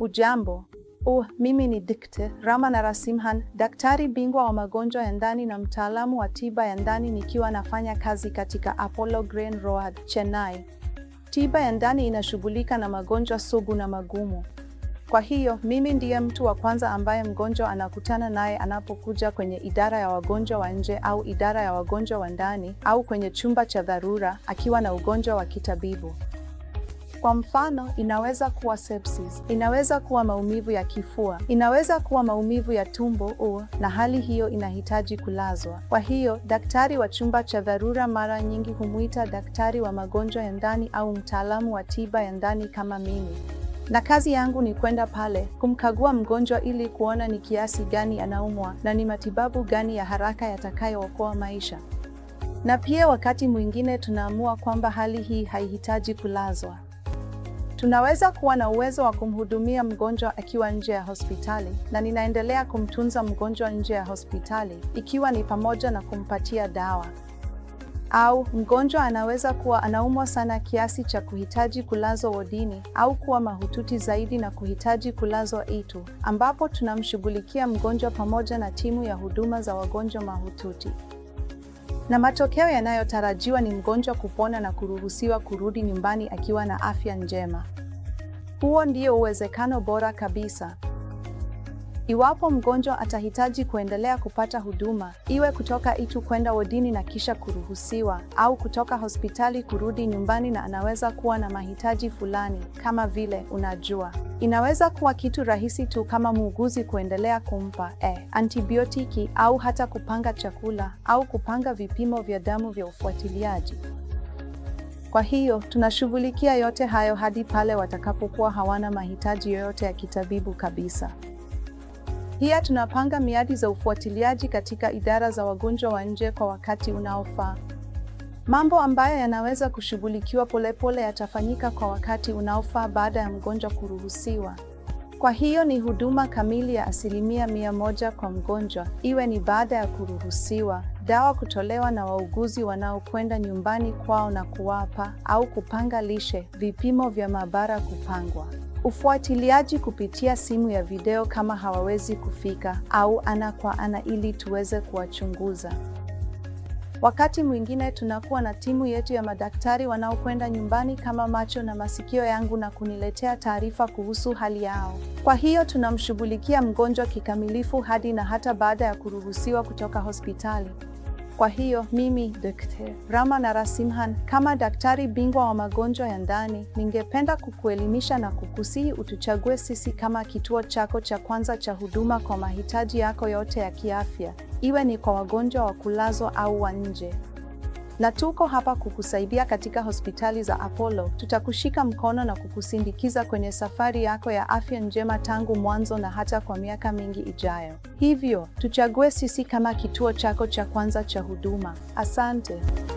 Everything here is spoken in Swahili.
Ujambo. Uh, oh, mimi ni Dkt. Rama Narasimhan, daktari bingwa wa magonjwa ya ndani na mtaalamu wa tiba ya ndani nikiwa nafanya kazi katika Apollo Green Road, Chennai. Tiba ya ndani inashughulika na magonjwa sugu na magumu. Kwa hiyo, mimi ndiye mtu wa kwanza ambaye mgonjwa anakutana naye anapokuja kwenye idara ya wagonjwa wa nje au idara ya wagonjwa wa ndani au kwenye chumba cha dharura akiwa na ugonjwa wa kitabibu. Kwa mfano, inaweza kuwa sepsis, inaweza kuwa maumivu ya kifua, inaweza kuwa maumivu ya tumbo u, na hali hiyo inahitaji kulazwa. Kwa hiyo, daktari wa chumba cha dharura mara nyingi humwita daktari wa magonjwa ya ndani au mtaalamu wa tiba ya ndani kama mimi na kazi yangu ni kwenda pale kumkagua mgonjwa ili kuona ni kiasi gani anaumwa na ni matibabu gani ya haraka yatakayookoa maisha. Na pia wakati mwingine tunaamua kwamba hali hii haihitaji kulazwa. Tunaweza kuwa na uwezo wa kumhudumia mgonjwa akiwa nje ya hospitali, na ninaendelea kumtunza mgonjwa nje ya hospitali, ikiwa ni pamoja na kumpatia dawa. Au mgonjwa anaweza kuwa anaumwa sana kiasi cha kuhitaji kulazwa wodini au kuwa mahututi zaidi na kuhitaji kulazwa ICU, ambapo tunamshughulikia mgonjwa pamoja na timu ya huduma za wagonjwa mahututi na matokeo yanayotarajiwa ni mgonjwa kupona na kuruhusiwa kurudi nyumbani akiwa na afya njema. Huo ndio uwezekano bora kabisa. Iwapo mgonjwa atahitaji kuendelea kupata huduma, iwe kutoka ITU kwenda wodini na kisha kuruhusiwa, au kutoka hospitali kurudi nyumbani, na anaweza kuwa na mahitaji fulani kama vile, unajua, inaweza kuwa kitu rahisi tu kama muuguzi kuendelea kumpa e, antibiotiki au hata kupanga chakula au kupanga vipimo vya damu vya ufuatiliaji. Kwa hiyo tunashughulikia yote hayo hadi pale watakapokuwa hawana mahitaji yoyote ya kitabibu kabisa. Pia tunapanga miadi za ufuatiliaji katika idara za wagonjwa wa nje kwa wakati unaofaa. Mambo ambayo yanaweza kushughulikiwa polepole yatafanyika kwa wakati unaofaa baada ya mgonjwa kuruhusiwa. Kwa hiyo ni huduma kamili ya asilimia mia moja kwa mgonjwa, iwe ni baada ya kuruhusiwa, dawa kutolewa na wauguzi wanaokwenda nyumbani kwao na kuwapa, au kupanga lishe, vipimo vya maabara kupangwa ufuatiliaji kupitia simu ya video kama hawawezi kufika au ana kwa ana ili tuweze kuwachunguza. Wakati mwingine tunakuwa na timu yetu ya madaktari wanaokwenda nyumbani kama macho na masikio yangu na kuniletea taarifa kuhusu hali yao. Kwa hiyo tunamshughulikia mgonjwa kikamilifu hadi na hata baada ya kuruhusiwa kutoka hospitali. Kwa hiyo mimi Dr. Rama Narasimhan, kama daktari bingwa wa magonjwa ya ndani, ningependa kukuelimisha na kukusihi utuchague sisi kama kituo chako cha kwanza cha huduma kwa mahitaji yako yote ya kiafya, iwe ni kwa wagonjwa wa kulazwa au wa nje na tuko hapa kukusaidia katika hospitali za Apollo. Tutakushika mkono na kukusindikiza kwenye safari yako ya afya njema tangu mwanzo na hata kwa miaka mingi ijayo. Hivyo tuchague sisi kama kituo chako cha kwanza cha huduma. Asante.